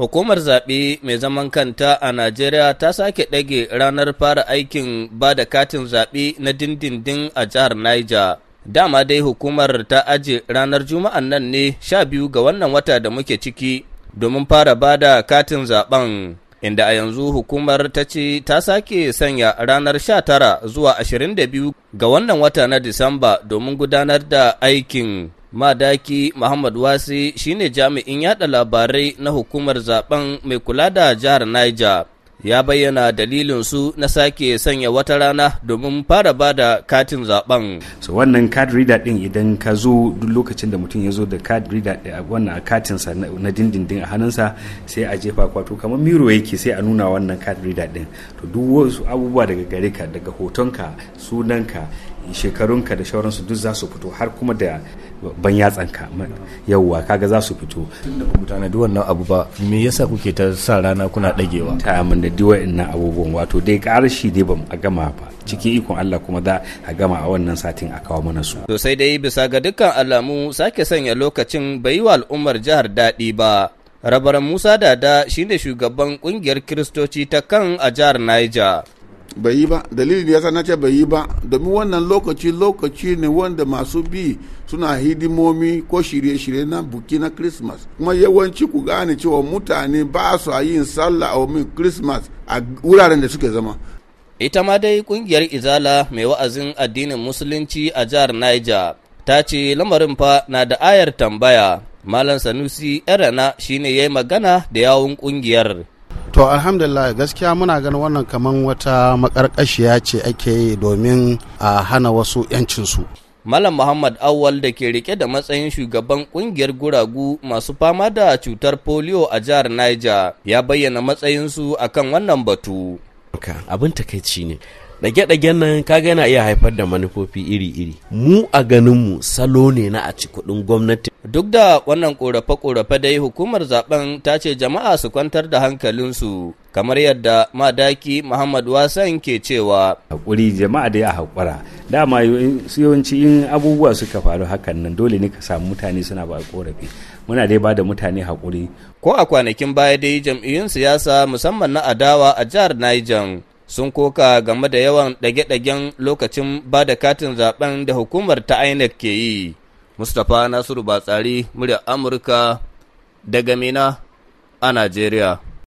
Hukumar zaɓe mai zaman kanta a Najeriya ta sake ɗage ranar fara aikin ba da katin zaɓe na dindindin a jihar Niger. Dama dai hukumar ta aje ranar Juma'an nan ne sha biyu ga wannan wata da muke ciki domin fara ba da katin zaɓen. Inda a yanzu hukumar ta ce ta sake sanya ranar sha tara zuwa ashirin da biyu ga wannan wata na Disamba domin gudanar da aikin. Madaki Muhammad Wasi shine jami'in yada labarai na hukumar zaben mai kula da jihar Niger. Ya bayyana dalilin su na sake sanya wata rana domin fara bada katin zaben. So wannan card reader din idan ka zo duk lokacin da mutum ya zo da card reader eh, wannan katinsa na dindindin a hannunsa sai a jefa kwato kamar miro yake sai a nuna wannan card reader din. To duk wasu abubuwa daga gare ka daga hotonka sunanka shekarunka da shauransu duk za su fito har kuma da ban yatsanka yauwa kaga za su fito tunda ku mutane duk wannan abu ba me yasa kuke ta sa rana kuna dagewa ta mun da duk wannan abubuwan wato dai karshi dai ba a gama ba cikin ikon Allah kuma za a gama a wannan satin a kawo mana su to sai dai bisa ga dukkan alamu sake sanya lokacin bai wa al'ummar jihar daɗi ba rabaran musa dada shine shugaban kungiyar kiristoci ta kan a jihar niger bai yi ba dalilin ya na ce bai yi ba domin wannan lokaci lokaci ne wanda masu bi suna hidimomi ko shirye-shirye na buki na christmas kuma yawanci ku gane cewa mutane ba su yin sallah a wamin christmas a wuraren da suke zama ita ma dai kungiyar izala mai wa'azin addinin musulunci a jihar niger ta ce lamarin fa na da ayar tambaya malam sanusi erana shine ya yi magana da yawun kungiyar To alhamdulillah gaskiya muna ganin wannan kamar wata makarkashiya ce ake yi domin a hana wasu 'yancinsu. Malam Muhammad Awal da ke rike da matsayin shugaban kungiyar guragu masu fama da cutar polio a jihar Niger ya bayyana matsayinsu a kan wannan batu. Abin takaici ne. Ɗage-ɗagen nan kaga yana iya haifar da manufofi iri-iri. Mu a ganinmu salo ne na a ci kuɗin gwamnati Duk da wannan korafe-korafe dai hukumar zaben ta ce jama'a su kwantar da hankalinsu kamar yadda madaki Muhammad Wasan ke cewa. Hakuri jama'a dai a haƙura. Dama yawanci in abubuwa suka faru hakan nan dole ne ka samu mutane suna ba ƙorafi. Muna dai ba da mutane haƙuri. Ko a kwanakin baya dai jam'iyyun siyasa musamman na adawa a jihar Niger sun koka game da yawan ɗage-ɗagen lokacin ba da katin zaben da hukumar ta INEC ke yi. Mustapha Nasiru Batsari, murya Amurka daga Mina a Najeriya.